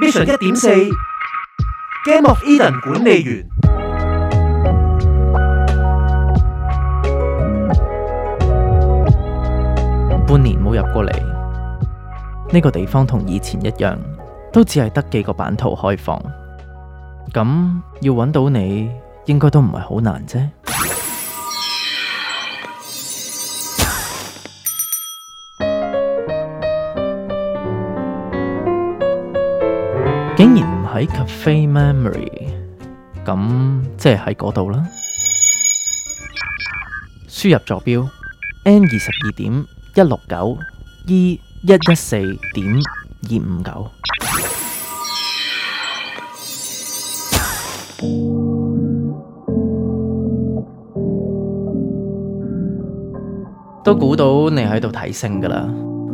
Mission 一點四，Game of Eden 管理員，半年冇入過嚟，呢個地方同以前一樣，都只係得幾個版圖開放，咁要搵到你，應該都唔係好難啫。喺 Cafe Memory，咁即係喺嗰度啦。輸入坐標 N 二十二點一六九，E 一一四點二五九。都估到你喺度睇星噶啦，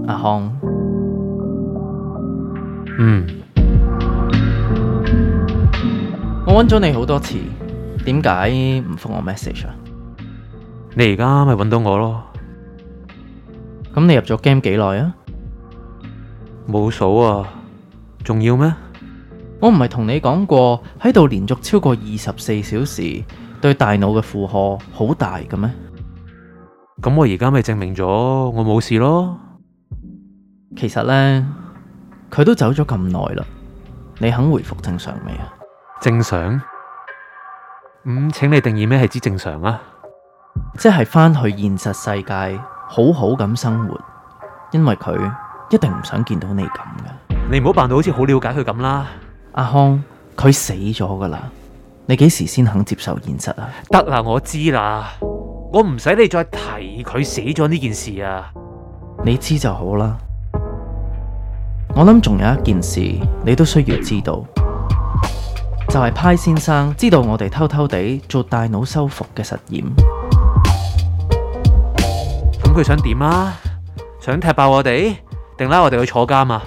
阿康。嗯。我揾咗你好多次，點解唔覆我 message 啊？你而家咪揾到我咯？咁你入咗 game 幾耐啊？冇數啊？重要咩？我唔係同你講過喺度連續超過二十四小時對大腦嘅負荷好大嘅咩？咁我而家咪證明咗我冇事咯？其實咧，佢都走咗咁耐啦，你肯回復正常未啊？正常？咁請你定義咩係之正常啊？即係翻去現實世界，好好咁生活，因為佢一定唔想見到你咁噶。你唔好扮到好似好了解佢咁啦。阿康，佢死咗噶啦，你幾時先肯接受現實啊？得啦，我知啦，我唔使你再提佢死咗呢件事啊。你知就好啦。我諗仲有一件事，你都需要知道。就係 π 先生知道我哋偷偷地做大腦修復嘅實驗，咁佢想點啊？想踢爆我哋，定拉我哋去坐監啊？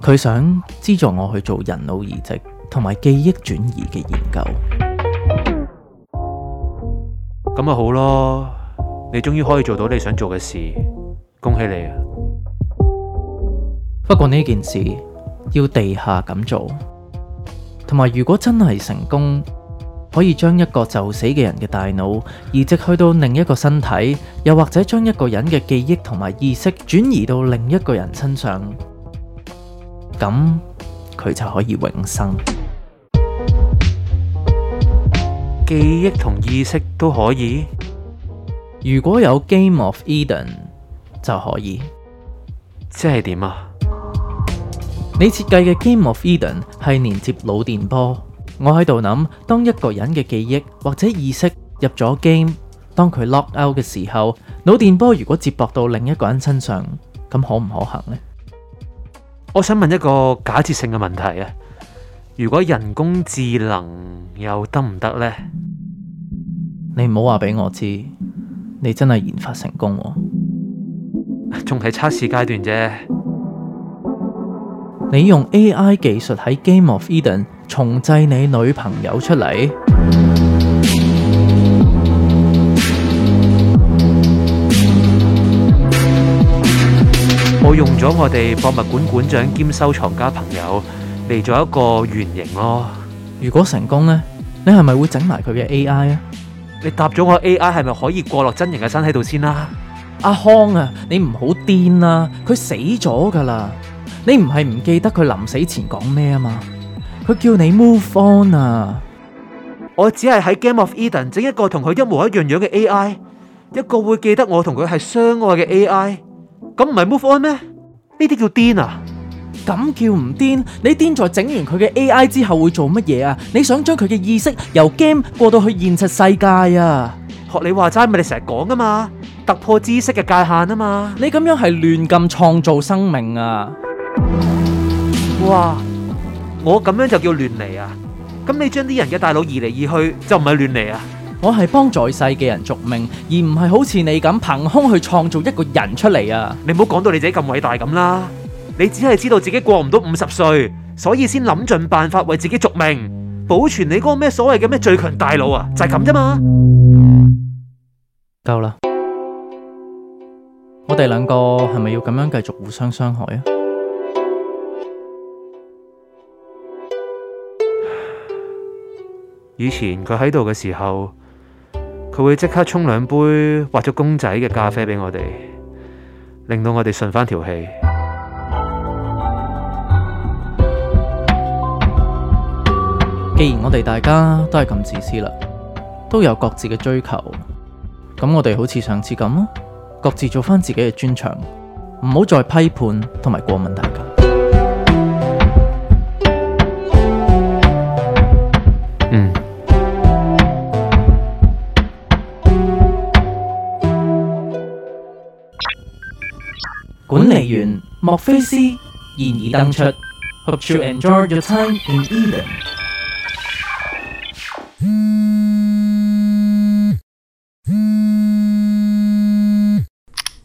佢想資助我去做人腦移植同埋記憶轉移嘅研究。咁咪好咯，你終於可以做到你想做嘅事，恭喜你啊！ 不過呢件事要地下咁做。同埋，如果真係成功，可以將一個就死嘅人嘅大腦移植去到另一個身體，又或者將一個人嘅記憶同埋意識轉移到另一個人身上，咁佢就可以永生。記憶同意識都可以，如果有 Game of Eden 就可以。即係點啊？你設計嘅 Game of Eden 係連接腦電波，我喺度諗，當一個人嘅記憶或者意識入咗 Game，當佢 log out 嘅時候，腦電波如果接駁到另一個人身上，咁可唔可行呢？我想問一個假設性嘅問題啊，如果人工智能又得唔得呢？你唔好話俾我知，你真係研發成功？仲係測試階段啫。你用 AI 技術喺 Game of Eden 重製你女朋友出嚟？我用咗我哋博物館館館長兼收藏家朋友嚟做一個原型咯。如果成功呢，你係咪會整埋佢嘅 AI 啊？你搭咗我 AI 係咪可以過落真人嘅身喺度先啦，啊？阿康啊，你唔好癲啊，佢死咗噶啦。你唔係唔記得佢臨死前講咩啊嘛？佢叫你 move on 啊！我只係喺 Game of Eden 整一個同佢一模一樣樣嘅 AI，一個會記得我同佢係相愛嘅 AI，咁唔係 move on 咩？呢啲叫癲啊！咁叫唔癲？你癲在整完佢嘅 AI 之後會做乜嘢啊？你想將佢嘅意識由 game 過到去現實世界啊？學你話齋，咪你成日講噶嘛，突破知識嘅界限啊嘛！你咁樣係亂咁創造生命啊！哇！我咁樣就叫亂嚟啊！咁你將啲人嘅大腦移嚟移去就唔係亂嚟啊！我係幫在世嘅人續命，而唔係好似你咁憑空去創造一個人出嚟啊！你唔好講到你自己咁偉大咁啦！你只係知道自己過唔到五十歲，所以先諗盡辦法為自己續命，保存你嗰個咩所謂嘅咩最強大腦啊！就係咁啫嘛！夠啦了！我哋兩個係咪要咁樣繼續互相傷害啊？以前佢喺度嘅時候，佢會即刻沖兩杯畫咗公仔嘅咖啡俾我哋，令到我哋順翻條氣。既然我哋大家都係咁自私啦，都有各自嘅追求，咁我哋好似上次咁咯，各自做翻自己嘅專長，唔好再批判同埋過問大家。莫菲斯現已登出。Hope you enjoy your time in Eden。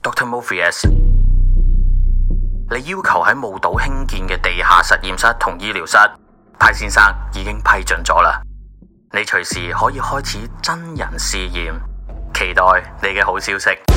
Doctor Morpheus， 你要求喺墓島興建嘅地下實驗室同醫療室，π 先生已經批准咗啦。你隨時可以開始真人試驗，期待你嘅好消息。